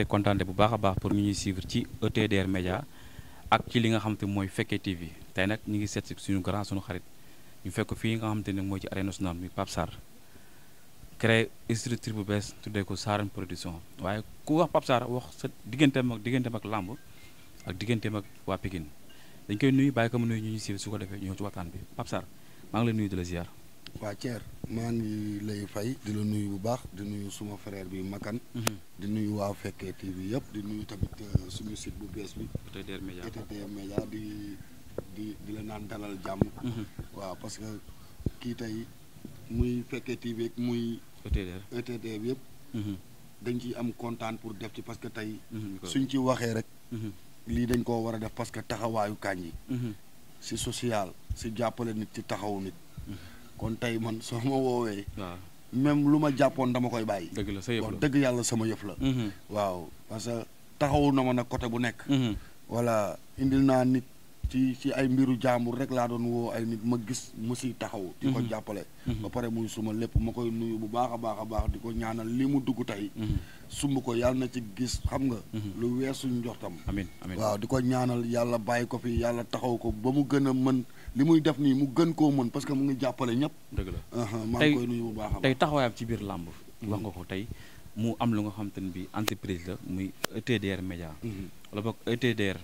te contenté bu baax baax pour ñu ñuy suivre ci ETDR Média ak ci li nga xam moy Fekke TV tay nak ñi ngi seet ci suñu grand suñu xarit ñu fekk fi nga xam te moy ci Arena nationale mi Pape Sarr créé structure bu bees tuddé ko Sarène production waye ku wax Pape Sar wax sa ak digënté mak wa dañ koy nuyu baye ko nuyu ñu ñuy suivre su ko ci waxtaan bi Pape Sar ma ngi lay nuyu de la ziar waa Thier maa ngi lay fay di la nuyu bu baax di nuyu suma frère bi Makan. Mhm. di nuyu wa Fekke TV yep di nuyu tamit euh, suñu site bu bes bi. ETDR Média ETDR di di di la nan dalal jàmm. Mhm. wa parce que ki tay muy Fekke TV ak muy. ETDR ETDR yep dañ ci am content pour def ci parce que tay mhm, suñ ci waxe rek. li dañ ko wara def parce que taxawayu kanji si social si jappale nit ci taxawu nit. kon tey man soo ma woowee. waaw même lu ma jàppoon dama koy bàyyi. dëgg la sa yëf la dëgg yàlla sama yëf la. Mhm. waaw parce que taxawu na ma nag côté bu nekk. Mhm. voilà indil naa nit. ci ci ay mbiru jaambur rek laa doon woo ay nit ma gis mu si taxaw. di ko mhm. jàppale. Mhm. ba pare muy suma lépp ma koy nuyu bu baax a baax a baax di ko ñaanal li mu dugg tey. Mhm. sumb ko yàlla na ci gis xam nga. lu weesu njortam. amiin amiin waaw di ko ñaanal yàlla bàyyi ko fi yàlla taxaw ko ba mu gën a mën li muy def nii mu gën koo mën parce que mu ngi jàppale ñëpp. dëgg la maa ngi koy bu baax a baax tey ci biir làmb. wax nga ko tey mu am lu nga xam te ne bii entreprise la muy ETDR Média. wala boog e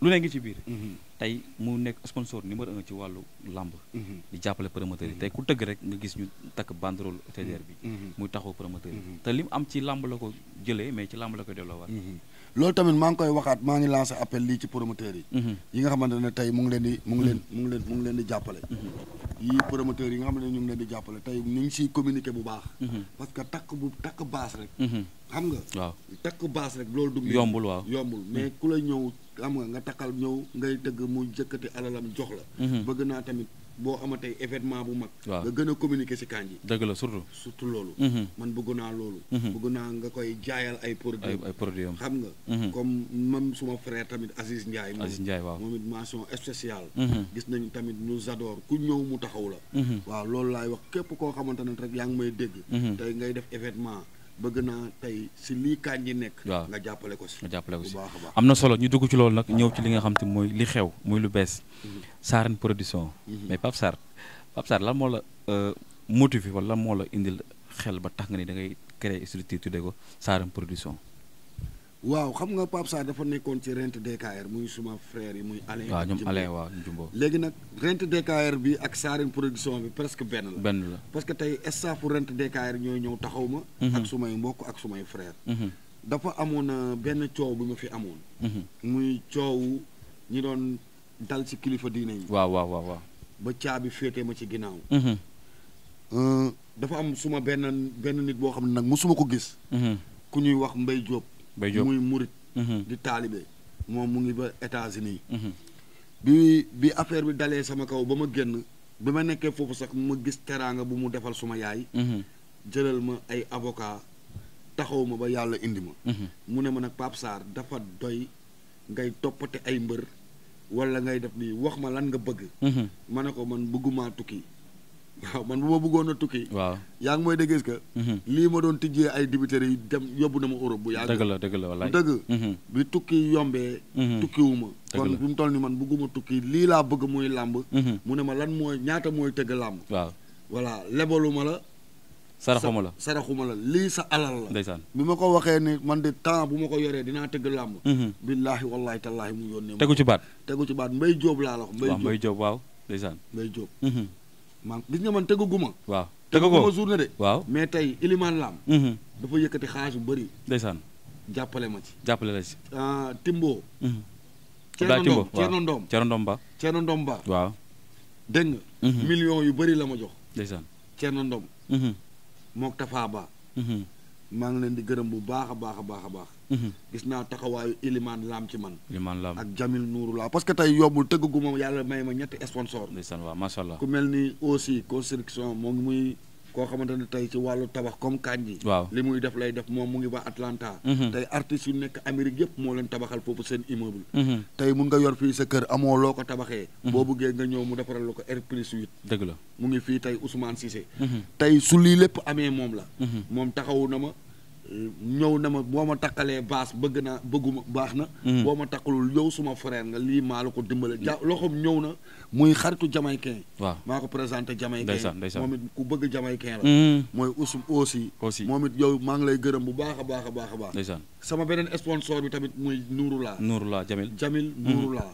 lu ne ngi ci biir. Mm-hmm. tey mu nekk sponsor numéro un ci wàllu làmb mm-hmm. di jàppale promoteurs yi tey ku tëgg rek nga gis ñu takk mm-hmm. koy delloowaat. loolu tamit maa ngi koy waxaat maa ngi lancé appel lii ci promoteurs yi. yi nga xamante ne tey mu ngi leen di mu ngi leen mu ngi baas rek. loolu. du yombul waaw yombul mais ku la ñëw. xam nga nga takkal ñëw ngay tëgg mu jëkkati alalam jox la mhm. bëgg naa tamit boo amatee événement bu mag waaw nga gën a communiquer ci kanji dëgg la surtout surtout loolu mhm. man bëgg naa loolu mhm. bëgg naa nga koy jaayal ay produit ay produit am xam nga comme même suma frère tamit Aziz Ndiaye moom Aziz Ndiaye waaw moom it mention spéciale gis nañu tamit ñu j'adore ku ñëw mu taxaw la waaw loolu laay wax képp koo xamante rek yaa ngi may dégg tey ngay def événement bëgg naa tey si lii kañ ñi nekk. waaw nga jàppale ko si. nga jàppale ko si am na solo ñu dugg ci loolu nag ñëw ci li nga xam te mooy li xew muy lu bees. Mhm. Sarene production. Mhm. mais Pape Sarr Pape Sarr lan moo la euh, motivé wala lan moo la indil xel ba tax nga ni da ngay créer structure tuddee ko production. waaw xam nga Pape Sarr dafa nekkoon ci rent DKR muy suma frère yi muy. Alain waaw ñoom Alain waaw Jumbo léegi nag rent DKR bi ak Sarine production bi presque benn la. benn la parce que tey staffu rent DKR ñooy ñëw taxaw ma. Mhm. ak sumay mbokk ak sumay frère. Mhm. dafa amoon a euh, benn coow bi ma fi amoon. Mhm. muy coowu ñi doon dal ci kilifa diine yi. waaw waaw waaw waaw. ba caabi féete ma ci ginnaaw. Euh, dafa am suma benn benn nit boo xam ne nag musuma ko gis. ku ñuy wax Mbaye Diop. bay Diop muy murit mhm. di taalibe moom mu ngi ba États-Unis mhm. bi bi affaire bi dalee sama kaw ba ma génn bi ma nekkee foofu sax ma gis teraanga bu mu defal suma yaay mhm. jëlal ma ay avocat taxaw ba yàlla indi ma mu ne ma nag Pape Sarr dafa doy ngay toppate ay mbër wala ngay def nii wax ma lan nga bëgg ma ne ko man bëggumaa tukki man bu ma bëggoon a tukki. waaw yaa ngi mooy gis que. Mhm. lii ma doon tijjee ay dibiteri yi dem yóbbu na ma Europe bu yàgg. dëgg la dëgg la wallaay dëgg. Mhm. bi tukki yombee. Mhm. tukkiwu ma. kon bi mu toll ni man bëgguma tukki lii laa bëgg muy làmb. mu ne ma lan mooy ñaata mooy tëgg làmb. waaw voilà lebalu ma la. saraxuma la saraxuma la lii sa alal la. ndeysaan bi ma ko waxee ni man de temps bu ma ko yoree dinaa tëgg làmb. billaahi wallaahi tallaahi mu yónnee. tegu ci baat tegu ci baat mbay jóob laa mbay jóob waaw mbay jóob waaw ndeysaan man gis nga man tegaguma. waaw tegaguma journée de. waaw mais tey Iliman Lam. Mm-hmm. dafa yëkkati xaalis bu bëri. ndeysaan jàppale ma ci. jàppale la si ah, Timbo. Mm-hmm. Abdoulaye Timbo waaw Ba. Thierno Ndom Ba. waaw dégg nga. Mm-hmm. yu bëri la ma jox. ndeysaan Thierno Ndom. mook Tafa Ba. maa ngi leen di gërëm bu baax a baax a baax a baax. Mhm. gis naa taxawaayu Iliman Lam ci man. Iliman Lam ak Jamil Nuuru laa parce que tey yombul tëgg gu ma yàlla may ma ñetti sponsor. ku mel ni aussi construction moo ngi muy. koo xamante ne tey ci wàllu tabax comme Kandji waaw li muy def lay def moom mu ngi ba Atlanta mhm. tey artistes yu nekk Amérique yëpp moo leen tabaxal foofu seen immeuble mhm. tey mun nga yor fii sa kër amoo loo ko tabaxee mhm. boo bëggee nga ñëw mu defaral la ko R plus dëgg la mu ngi fii tey Ousmane Cissé tey su lii lépp amee moom la moom taxawu na ma ñëw na ma boo ma takkalee baas bëgg naa bëgguma baax na mm-hmm. boo ma takkalul yow suma frère nga lii maa la ko dimbale ja loxoom ñëw na muy xaritu jamaïcain waaw maa ko présenté jamaïcain moom it ku bëgg jamaïcain la mm-hmm. mooy usum aussi moom it yow maa ngi lay gërëm bu baax a baax a baax a baax sama beneen sponsor bi tamit muy nuru laa Jamil Jamil mm-hmm. Nouroullah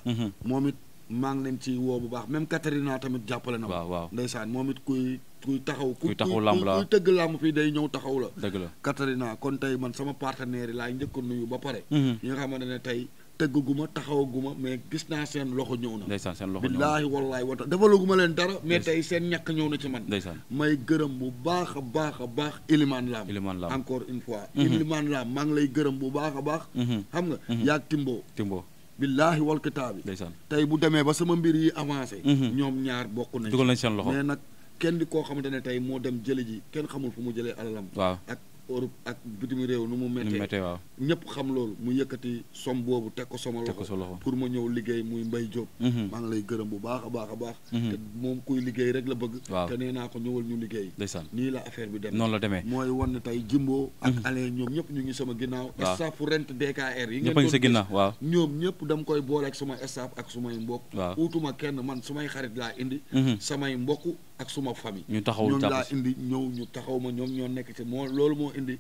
moom it maa ngi leen ci woo bu baax même Katarina tamit jàppale na ma waaw waaw moom it kuy kuy taxaw ku taxaw làmb la kuy tëgg làmb fii day ñëw taxaw la dëgg la Katarina kon tey man sama partenaire yi laay njëkk a nuyu ba pare mhm. ñi nga xamante ne tey tëggaguma taxawaguma mais gis naa seen loxo ñëw na ndeysaan seen loxo ñëw na billaahi wallaahi wata defalaguma leen dara mais tey seen ñàkk ñëw na ci man ndeysaan may gërëm bu baax a baax a baax Iliman Lam Iliman Lam encore une fois mhm. Iliman Lam maa ngi lay gërëm bu baax a baax mhm. xam nga yaag Timbo Timbo billaahi wal kitaabi ndeysaan tey bu demee ba sama mbir yi avancé ñoom ñaar bokk nañ kenn di koo xamante ne tey moo dem jële ji kenn xamul fu mu jëlee alalam waaw ak Europe ak bitim réew nu mu méttee waaw ñëpp xam loolu mu yëkkati som boobu teg ko sama loxo pour ma ñëw liggéey muy Mbaye Diop mhm. maa ngi lay gërëm bu baax baax a baax mhm. te moom kuy liggéey rek la bëgg waaw te nee naa ko ñëwal ñu liggéey ndeysaan nii la affaire bi demee noonu la demee mooy wan tey Jimbo ak mhm. Alain ñoom ñëpp ñu ngi sama ginnaaw staff rent DKR yi ngeen doon sa ginnaaw waaw ñoom ñëpp dam koy boole ak sama staff ak sumay mbokk uutuma kenn man sumay xarit laa indi samay mbokk ak suma famille. ñu taxaw ñoom laa indi ñëw ñu taxaw ma ñoom ñoo nekk ci moo loolu moo indi.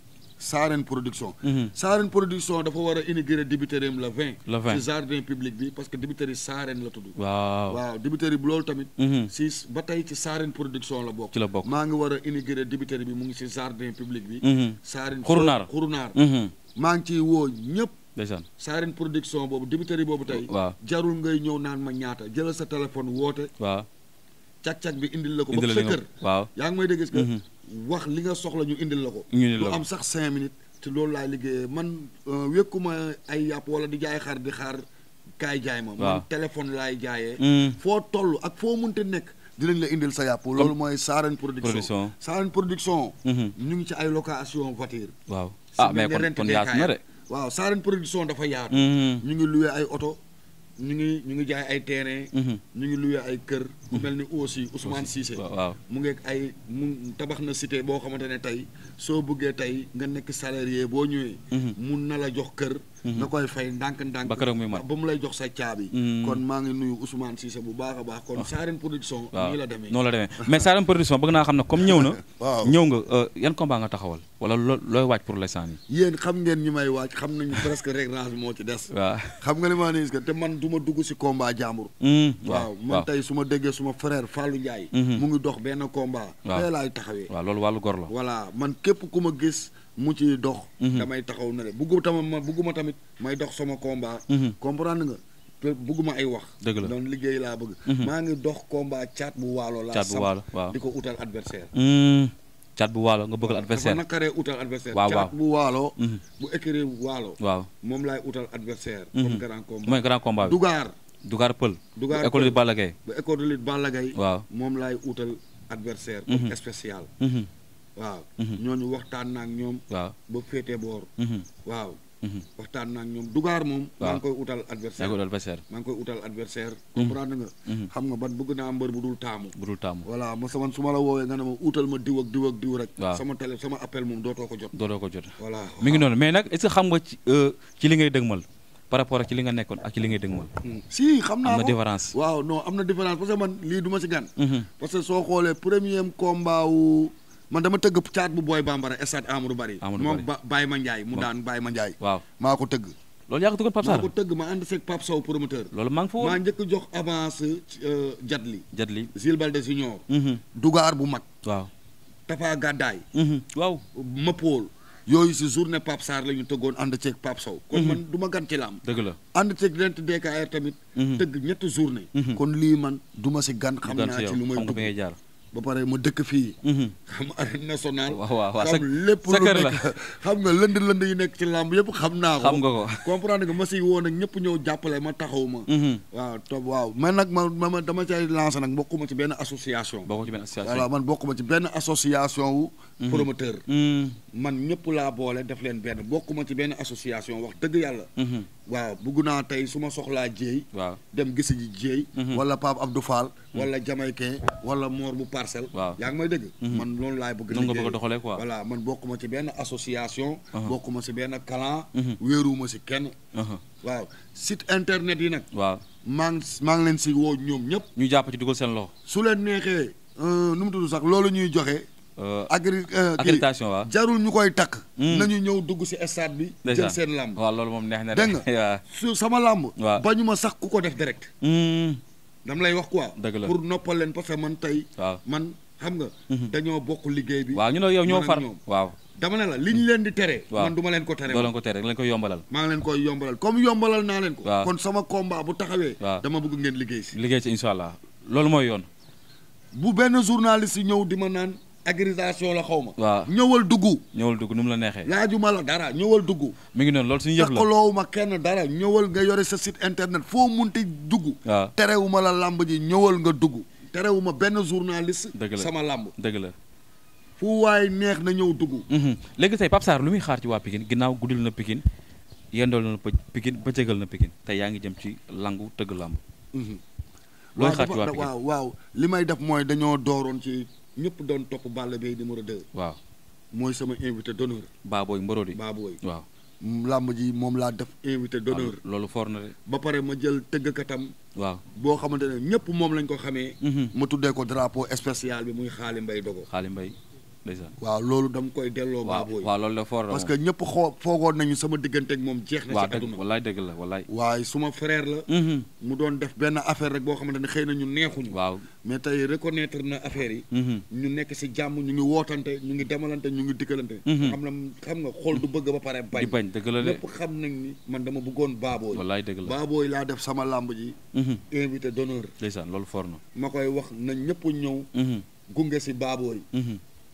Saaren production. Mhm. Saaren production dafa war a inaugurer débiterie am le jardin public bi parce que débiterie Saaren la tudd. waaw waaw bi loolu tamit. Mhm. si ba tey ci Saaren production la bokk. maa ngi war a inaugurer débiterie bi mu ngi ci jardin public bi. Mhm. Saaren xurunaar maa ngi ciy woo ñëpp. ndeysaan Saaren production boobu débiterie boobu tey. jarul ngay ñëw naan ma ñaata jëlal sa càq-càq bi indil la ko. indil la ko ba sa kër. waaw yaa ngi may dégg est-ce mm-hmm. wax li nga soxla ñu indil la ko. lu am sax cinq minutes. te loolu laay liggéeyee man euh, wékkuma ay yàpp wala di jaay xar di xaar kaay jaay ma. man téléphone laay jaayee. Mm. foo toll ak foo munte nekk. dinañ la indil sa yàpp loolu mooy Saareen production Saareen production mm-hmm. ñu ngi ci ay location voiture waaw ah mais kon kon yaatu production dafa yaatu mm-hmm. ñu ngi loué ay oto ñu ngi ñu ngi jaay ay terrain. Mhm. ñu ngi luye ay kër. ku mhm. mel ni aussi Ousmane Cissé. waaw mu ngeeg ay mu tabax na cité boo xamante ne tey soo buggee tey nga nekk salarier boo ñëwee. Mhm. mun na la jox kër. nga mhm. koy fay ndànk-ndànk ba mu lay jox sa caabi mhm. kon maa ngi nuyu Ousmane Cissé bu baax a baax kon ah. Sarène production nii la demee noonu la demee mais Sarène production bëgg naa xam ne comme ñëw na ñëw nga euh, yan combat nga taxawal wala looy waaj pour l'instant yi yéen xam ngeen ñi may waaj xam nañu presque réglage bi moo ci des waaw xam nga li maa man du ma dugg si combat jàmbur hmm, waaw man tey su ma déggee suma frère Fallou Ndiaye mhm. mu ngi dox benn combat tey laay taxawee waaw loolu wàllu gor la voilà man képp ku ma gis mu ci dox. Mhm. damay taxaw na de buggu tamit ma tamit may dox sama combat. Mhm. comprendre nga. buguma ay wax dëgg la donc liggéey laa bëgg ma mhm. nga dox combat chat bu walo la caat bu waalo di adversaire chat bu walo nga bëggal adversaire na nakaree outal adversaire chat bu walo bu écrire walo mom lay outal adversaire comme grand combat moy grand combat dugar dugar peul pël école de balagay bu école de balagay mom lay outal adversaire spécial waaw mhm. ñooñu waxtaan naak ñoom waaw ba féete boor mhm. waaw mhm. waxtaan naa ak ñoom dugaar moom. maa ngi koy utal adversaire maa ngi koy utal adversaire. comprendre nga. xam nga ban bëgg naa mbër bu dul taamu. bu dul taamu voilà ma sama la woowee nga ne ma utal ma diw ak diw ak diw rek. sama télé sama appel moom dootoo ko jot. dootoo ko jot voilà. mi ngi noonu mais nag est xam nga euh, ci li ngay dëgmal par rapport ak ci li nga nekkoon ak ci li ngay dëgmal. Hmm. si xam naa ko waaw non am man dama tëgg caat bu booy bambara stade Amadou Bari. Amadou Bari moom Baye Ma Ndiaye mu daan Baye Ma Ndiaye. waaw maa ko tëgg. loolu yaa ko tëggoon Pape ma ànd seeg Pape Sow promoteur. loolu maa ngi fa woon maa njëkk jox avance euh, Jadli. Mhm. Mhm. la ñu tëggoon ànd ceeg Pape Sow. kon mhm. man du ma gan ci laam. dëgg la ànd ceeg lent DKR tamit. tëgg ñetti journée. kon lii man du ma si gan. xam naa ci lu may dugg ba pare ma dëkk fii. Mhm. xam arène nationale. waaw waaw waaw xam lépp lu nekk xam nga lënd lënd yi nekk ci làmb yëpp xam naa ko. xam nga ko comprendre ma si woon ak ñëpp ñëw jàppale ma taxaw ma. Mhm. waaw waaw man nag ma ma dama cay lancé nag mbokkuma ci benn association. bokkuma ci benn association voilà man bokkuma ci benn association wu. Mhm. promoteur. man ñëpp laa boole def leen benn bokkuma ci benn association wax dëgg yàlla. waaw bugg naa tey su ma soxlaa jéey waaw dem gisi ji jéey mhm. wala Pape Abdou Fall mhm. wala Jamaïcain wala Mor bu parcelle waaw yaa ngi may dëgg mhm. man loolu laay bëgg nga bëgg a doxalee ko voilà man bokkuma ci benn association uh-huh. bokkuma ci benn clan wéeruma ci kenn uh-huh. waaw site internet yi nag waaw maa maa ngi leen si woo ñoom ñëpp ñu jàpp ci dugal seen loxo su leen neexee euh, nu mu tudd sax loolu ñuy joxe Euh, agri euh, accréditation waaw jarul ñu tak, takk hmm. nañu ñëw dugg ci stade bi jël seen làmb waaw loolu moom neex na dégg su sama làmb waaw bañu ma sax ku def direct hmm. dam lay wax quoi dëgg la pour noppal leen parce man tey waaw man xam nga hmm. dañoo bokk liggéey bi waaw ñu ne yow ñoo far waaw dama ne la li ñu leen di tere man du ma leen ko tere doo ko tere leen koy yombalal maa leen koy yombalal comme yombalal naa leen ko kon sama combat bu taxawee dama bëgg ngeen liggéey ci liggéey ci incha allah loolu mooy yoon bu benn journaliste yi ñëw di ma naan agrisation la xaw ma. ñëwal dugg. ñëwal dugg nu mu la neexee. laajuma la dara ñëwal dugg. mi ngi noonu loolu suñu yëf la takkaloowu ma kenn dara ñëwal nga yore sa site internet foo mun munti dugg. waaw terewuma la làmb ji ñëwal nga dugg. terewuma benn journaliste. dëgg la sama làmb dëgg la. fu waay neex na ñëw dugg. Mhm. léegi tey Pape lu muy xaar ci waa Pikine ginnaaw guddil na Pikine yendool na Pikine bëccëgal na Pikine tey yaa ngi jëm ci langu tëgg làmb. Mhm. looy xaar ci waa Pikine waaw li may def mooy dañoo dooroon ci. ñëpp doon topp Balla Gaye numéro 2. waaw mooy sama invité d'honneur. Baboy Mborodi Baboy waaw. làmb ji moom laa def invité d'honneur. loolu foor na de. ba pare ma jël tëggkatam. waaw boo xamante ne ñëpp moom lañ ko xamee. Mhm. ma tuddee ko drapo spécial bi muy xaali mbay dogo xaali mbay. waaw loolu dama koy delloo baabooy waaw loolu la fort parce que ñëpp xoo foogoon nañu sama diggante ak moom jeex na ci àdduna wallaay dëgg la wallaay waaye suma frère la mhm. mu doon def benn affaire rek boo xamante ne xëy na ñu neexuñu waaw mais tey reconnaître na affaire yi mhm. ñu nekk si jàmm ñu ngi wootante ñu ngi demalante ñu ngi dikkalante mhm. xam na xam nga xool du bëgg ba pare bañ bañ dëgg la ñëpp xam nañ ni man dama bëggoon baabooy wallaay dëgg la baabooy laa def sama làmb ji invité d'honneur ndeysaan loolu fort na ma koy wax na ñëpp ñëw gunge si baabooy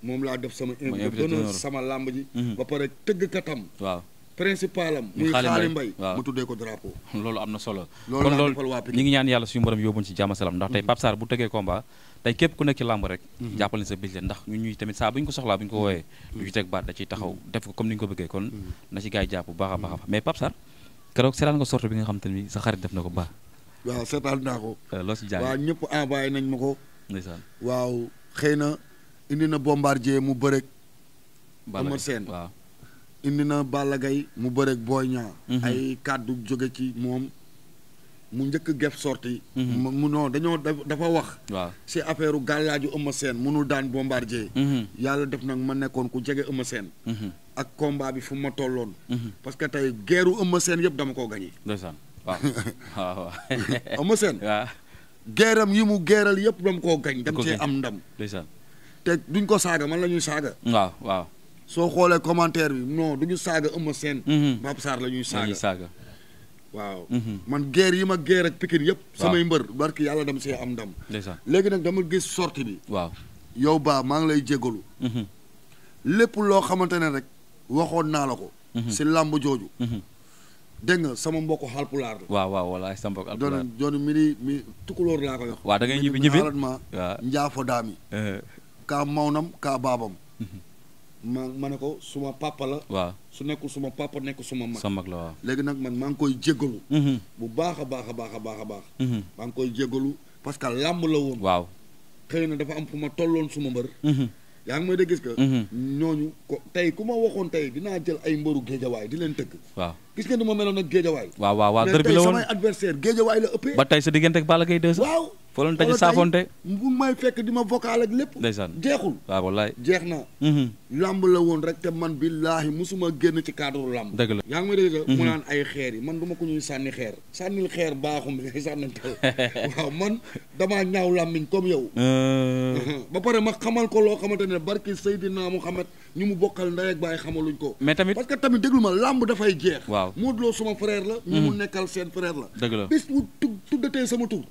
moom laa def sama invité d'honneur sama mhm. ba pare tëggkatam waaw principal am muy xaali mbay mu tuddee ko drapeau loolu am na solo kon loolu ñi ngi ñaan yàlla suñu borom yóbbuñ ci jàmm salaam ndax tey mhm. Pape Sarr bu tëggee combat tey képp ku nekk ci làmb rek mhm. jàppal ni sa billet ndax ñuy tamit saa bu ko soxlaa bu ko wooyee du ci teg baat da ciy taxaw def ko comme ni ñu ko bëggee kon na ci gars jàpp bu baax a mais Pape keroog seetaan bi nga te sa xarit def na ko baax indi na Bombardier mu bëreeg. Eumeu Sène indi na Balla mu bëreeg Boy mhm. ay kàddu jóge ci moom mu njëkk gef sorti mhm. mu non dañoo dafa wax waaw si affaire u gàllaaju Eumeu Sène mënul daan Bombardier mhm. yàlla def nag ma nekkoon ku jege Eumeu Sène ak combat bi fu ma tolloon parce que tey geeru Eumeu Sène yëpp dama koo gañe yi mu geeral yëpp dama koo gañ am ndam te duñ ko saaga man la ñuy saaga. waaw waaw. soo xoolee commentaire bi non duñu saaga Eumeu Sène. Mm-hmm. Pape Sarr la ñuy saaga waaw. Mm-hmm. man guerre yi ma guerre ak Pikine yëpp. samay mbër barki yàlla dem see am ndam. léegi nag dama gis sorti bi. waaw yow baa maa ngi lay jégalu. Mm-hmm. lépp loo xamante ne rek waxoon naa la ko. si làmb jooju. dégg nga sama mbokk xalpulaar la. waaw waaw walaay sama mbokk xalpulaar doon mi ni mi tukulóor laa koy wax. waaw da ñibbi ñibbi kaa mawnam kaa baabam. Mhm. ma ma ne ko suma papa la. waaw su nekkul suma papa nekk suma mag. sa mag la waaw léegi nag man maa ngi koy jéggalu. Mhm. bu baax a baax a baax a baax a mhm. maa ngi koy jéggalu parce que làmb la woon. waaw xëy na dafa am fu ma tolloon suma mbër. yaa ngi may de gis que. ñooñu ko tey ku ma waxoon tey dinaa jël ay mbëru géejawaay di leen tëgg. waaw gis ngeen ni meloon ak géejawaay. waaw waaw waaw dër bi la woon mais tey samay adversaire géejawaay la ëppee. ba tey sa foloon daje saafonte mu may fekk di ma vocal ak lépp ndeysaan jeexul waaw wallaay jeex na mhm. làmb la woon rek te man billaahi musuma génn ci cadre làmb dëgg la yaa ngi may mu mhm. naan ay xeer yi man du ma ko ñuy sànni xeer sànnil xeer baaxum ngay sànnante waaw man damaa ñaaw làmmiñ comme yow euh. ba pare ma xamal ko loo xamante ne barki Seydina Muhammad ñu mu bokkal ndey ak baay xamaluñ ko mais tamit parce que tamit déglu ma làmb dafay jeex waaw Modou Lo sama frère la mu mhm. nekkal seen frère la la bis bu sama tur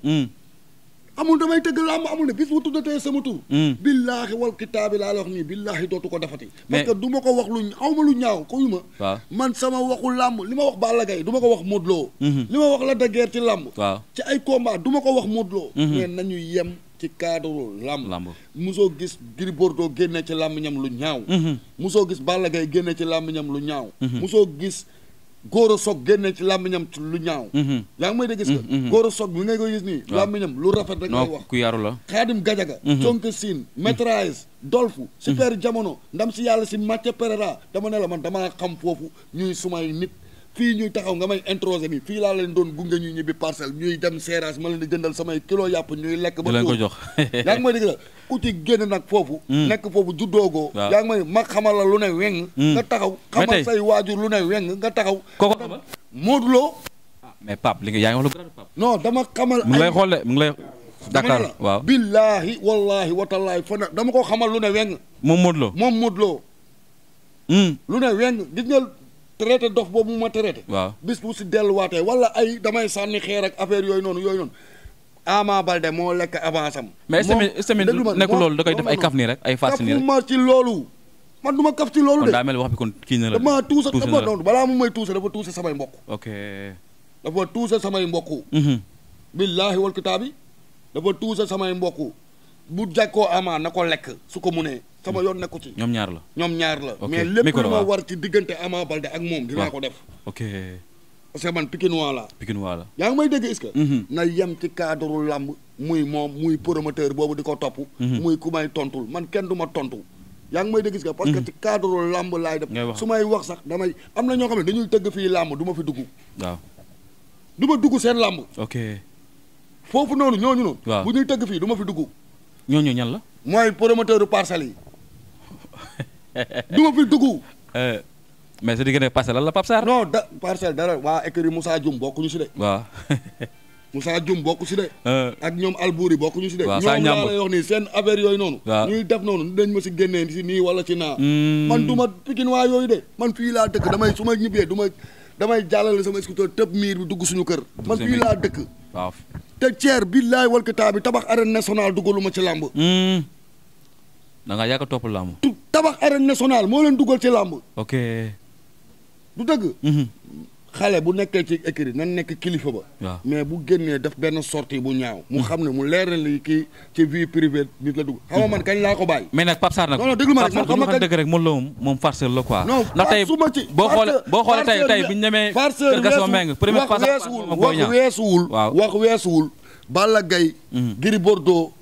amul damay tëgg làmb amul ne bis bu tuddatee sama tur hmm. billaahi wal kitaabi laa la wax nii billaahi dootu ko defati parce que ma ko wax lu aw ma lu ñaaw ko ma waaw man sama waxu làmb li ma wax Balla Gaye du ko wax Modou Lo hmm. li ma wax la de guerre ci làmb waaw ci ay combat du ko wax Modou Lo hmm. mais nañu yem ci cadre làmb musoo gis Gris Bordeaux génne ci làmb ñam lu ñaaw musoo gis Balla Gaye génne ci làmb ñam lu ñaaw musoo gis góor a soog génne ci làmmiñam ci lu ñaaw mhm. yaa ngi may dégg gis nga mhm, mhm. góor a soog mi ngay koy gis nii làmmiñam lu rafet rek lay wax ku yaru la xaadim gajaga conk siin maîtrise dolfu super jamono ndam si yàlla si Mathieu Pereira dama ne la man damaa xam foofu ñuy sumay nit fii ñu taxaw nga may introsé nii fii laa leen doon gunge ñu ñibbi parcelle ñuy dem seeraas ma leen di jëndal samay kilo yàpp ñuy lekk ba ko jox yaa ngi may dégg la ku ci génn nag foofu hmm. nekk foofu juddoogoo yaa ngi may mag xamal la lu ne weng hmm. nga taxaw xamal say waajur lu ne weng nga taxaw koko Modou Lo ah, mais Pape li nga yaa ngi wax lu grand Pape non dama xamal mu ngi lay xool mu ngi lay Dakar waaw billaahi wallaahi watallaahi fana dama ko xamal lu ne weng moom Modou Lo moom Modou Lo hmm. traité dof boobu mu ma traité. waaw bis bu si delluwaatee wala ay damay sànni xeer ak affaire yooyu noonu yooyu noonu. Ama Balde moo lekk avance am. mais semaine semaine nekkul loolu da koy def ay ay fas nii rek ma ci loolu. man ma kaf ci loolu de. kon daa wax bi kon kii na la dama tuusa dafa noonu balaa mu may tuusa dafa tuusa samay mbokk. ok dafa tuusa samay mbokk. Mhm. billaahi wal kitaabi dafa bu jàkkoo Ama na ko lekk su ko munee. sama yoon nekku ci. ñoom ñaar la ñoom ñaar la. mais lépp lu ma war ci diggante Ama Balde ak moom dinaa ko def. ok parce man Pikinois la. Pikinois la yaa ngi may dégg est-ce que. Mhm. na yem ci cadre làmb muy moom muy promoteur boobu di ko topp. Mhm. muy ku may tontul man kenn du ma tontu. yaa ngi may dégg est-ce que parce que mhm. ci cadre làmb laay def. su may wax sax damay am na ñoo xam ne dañuy tëgg fii làmb du ma fi dugg. waaw du ma dugg seen lamb ok foofu noonu ñooñu noonu. waaw bu ñuy tëgg fii du ma fi dugg. ñooñu ñan la. mooy promoteur parcelles yi. du fi dugg. Euh, mais su di gën a parcelle lan la Pape Sarr. non da parcelle dara waa écurie Moussa Dioum bokkuñu si de. waaw. Moussa Dioum bokku si de. Euh. ak ñoom Albouri bokkuñu si de. waaw ñoom laa lay wax nii seen affaire yooyu noonu. ñuy def noonu dañ ma si génnee si nii wala si naa. Hmm. man du ma pikin waa yooyu de. man fii laa dëkk damay su may ñibbee du ma damay jàllale sama scooter tëb miir bi dugg suñu kër. man fii laa dëkk. waaw te Thier billaay walkataa bi tabax arène nationale dugaluma ci làmb. Hmm. da ngaa yàgg tabax arène nationale moo leen dugal ci làmb. ok du dëgg. Mhm. xale bu nekkee ci écurie nan nekk kilifa ba. waaw mais bu génnee def benn sortie bu ñaaw. mu mhm. xam ne mu leer na li kii ci vie privée nit la dugg. xaw ma mhm. man kañ laa ko bàyyi. mais nag Pape Sarr nag. non rek man moom la moom moom farceur la boo xoolee boo xoolee bu ñu demee. farceur weesuwul wax weesuwul wax weesuwul. waaw wax weesuwul. Balla Gaye. Gris Bordeaux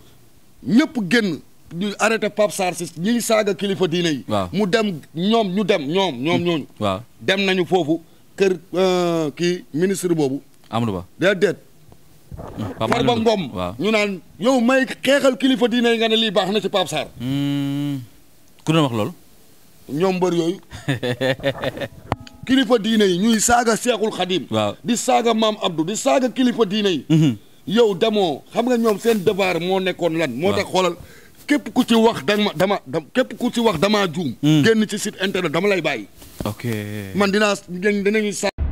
ñëpp génn. ñu arrêté Pape Sarr si ñiy saaga kilifa diine yi. waaw mu dem ñoom ñu dem ñoom ñoom ñooñu. Mm. waaw dem nañu foofu kër euh, kii ministre boobu. Amadou Ba déedéet. Mm. Pape Farba Ngom ñu naan yow may xeexal kilifa diine nga ne baax na ci Pape Sarr. Mm. ku doon wax loolu. ñoom mbër yooyu. kilifa diine yi ñuy saaga Seexul Xadim. waaw di saaga maam Abdou di saaga kilifa diine yi. Mm-hmm. yow demoo xam nga ñoom seen devoir moo nekkoon lan. moo tax xoolal. képp ku ci wax dama dama képp ku ci wax damaa juum. Hmm. génn ci site internet dama lay bàyyi. ok man dinaa dinañu